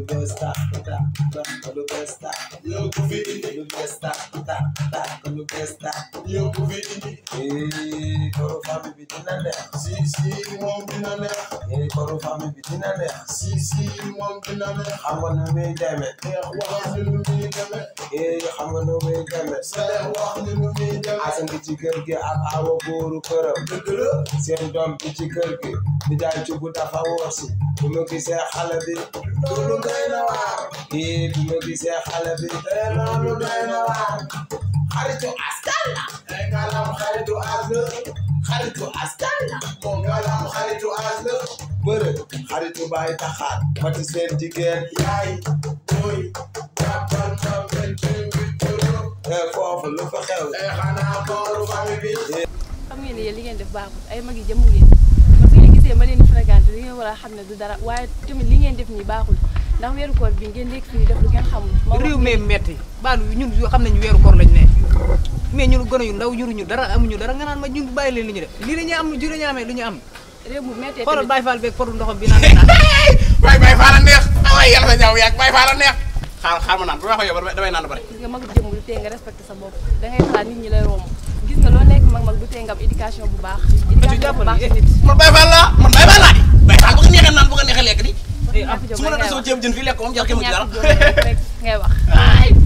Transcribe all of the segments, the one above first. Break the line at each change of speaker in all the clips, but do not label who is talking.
lu bees tax lu tax lu bees tax. lu bees la yóbbu fi koro famille bi dina neex si si moom dina koro famille bi dina neex si si moom dina neex xam nga nu muy demee neex wax xam nga nu muy demee seex ci kër gi ak awa góoru këram dëgg seen doom ci kër gi di jaay dafa wóor si bu mu gisee xale bi loolu doy na waar eh bu mu gisee xale xaritu askan la. ngalam xaritu as la. xaritu askan la. moom ngalam xaritu as la. bërëb xaritu baay taxaar. mati seen jigéen. yaay booy. jàppal ma benn eh, foofu lu fa eh, xam ne li ngeen def baaxul ay mag yi jëm ngeen man su ngeen gisee ma leen li ngeen war a xam ne du dara waaye tamit li ngeen def nii baaxul. ndax weeru koor bi ngeen nekk fii def lu ngeen xamul. réew mi metti baalu ñun yoo xam nañu weeru koor lañu ne mais ñun gone yu ndaw yuruñu dara ñu dara nga naan ma ñun bàyyi leen li ñu def lii dañuy am lii dañuy amee lu ñu am. réew mu méttee xoolal Baye Fall beeg potu bi a neex waaye yàlla sa ñaaw yàgg a neex. xaar xaar naan bu ma waxee yow naan ba pare. gis nga mag jëm du tee nga da ngay xalaat nit ñi lay romb gis nga loo nekk mag mag du tee nga am bu baax. éducation bu baax nit man Baye Fall laa man Baye Fall neexee naan bu neexee lekk di. su ma la desoo ceeb jën fii lekk moom jar kéemu ci ngay wax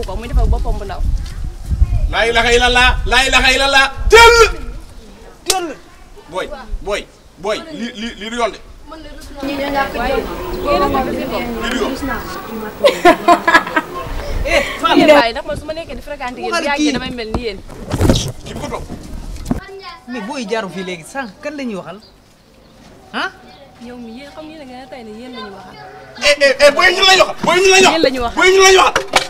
taxawu ko muy defal boppam bu ndaw. laa ilaha illallah laa ilaha illallah tëll tëll booy booy booy li li li du yoon de. lii du yoon. eh Fane. waaye ndax man ma nekkee di fréquenté yéen yaa ngi damay mel ni yéen. ki mu ko toog. mais booy jaru kan la ñuy waxal ah. yow mi yéen xam ngeen la eh, eh, eh, ñu waxal booy ñu la ñu waxal.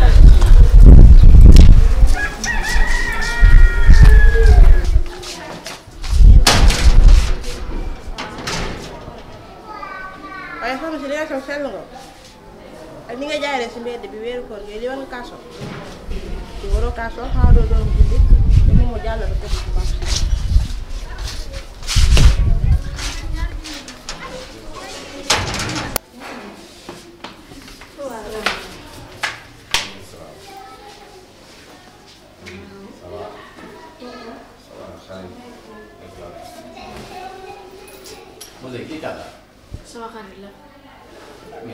waaye xam nga si sell nga ak ni nga jaaree si mbedd bi weeru koor gi li kaasoo ci waroo kaasoo xaw doo doon jullit mu ne kii kàlla.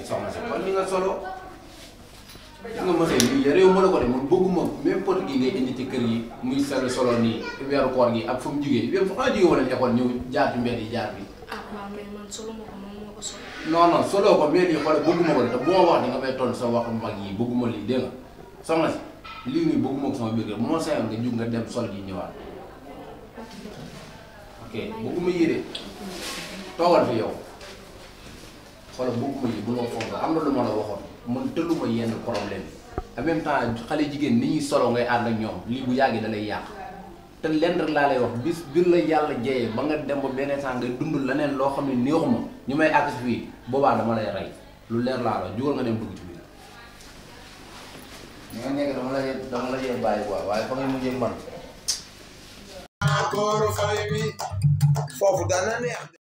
solo. li nga mos a yéen ko ci kër yi nii mu jugee yéen fu ma jugee wala école ñëw jaar ci mbedd yi jaar bi. ah waaw mais man solo ma ko moom moo ko solo. solo ko mbedd xool bëgguma ko de te wax di nga fay toll sa waxu mag yi bëgguma lii dégg nga soxna lii nii bëgguma ko sama biir kër bu nga jug nga dem sol gi ñëwaat. ok bëgguma yére toogal fi yow xoolal bëgguma yi bu ma foog am na lu ma la waxoon man tëluma yenn problème yi en même temps xale jigéen ni ñuy solo ngay ànd ñoom lii bu yàggee dalay yàq te lenn rek laa lay wax bis bir la yàlla jeyee ba nga dem ba beneen saa ngay dund leneen loo xam ne neexuma ñu may àgg si fii boobaa dama lay rey lu leer laa la jugal nga dem dugg ci nga nekk dama la dama la bàyyi waaye fa ngay mujjee man. chloroquine bi foofu dana neex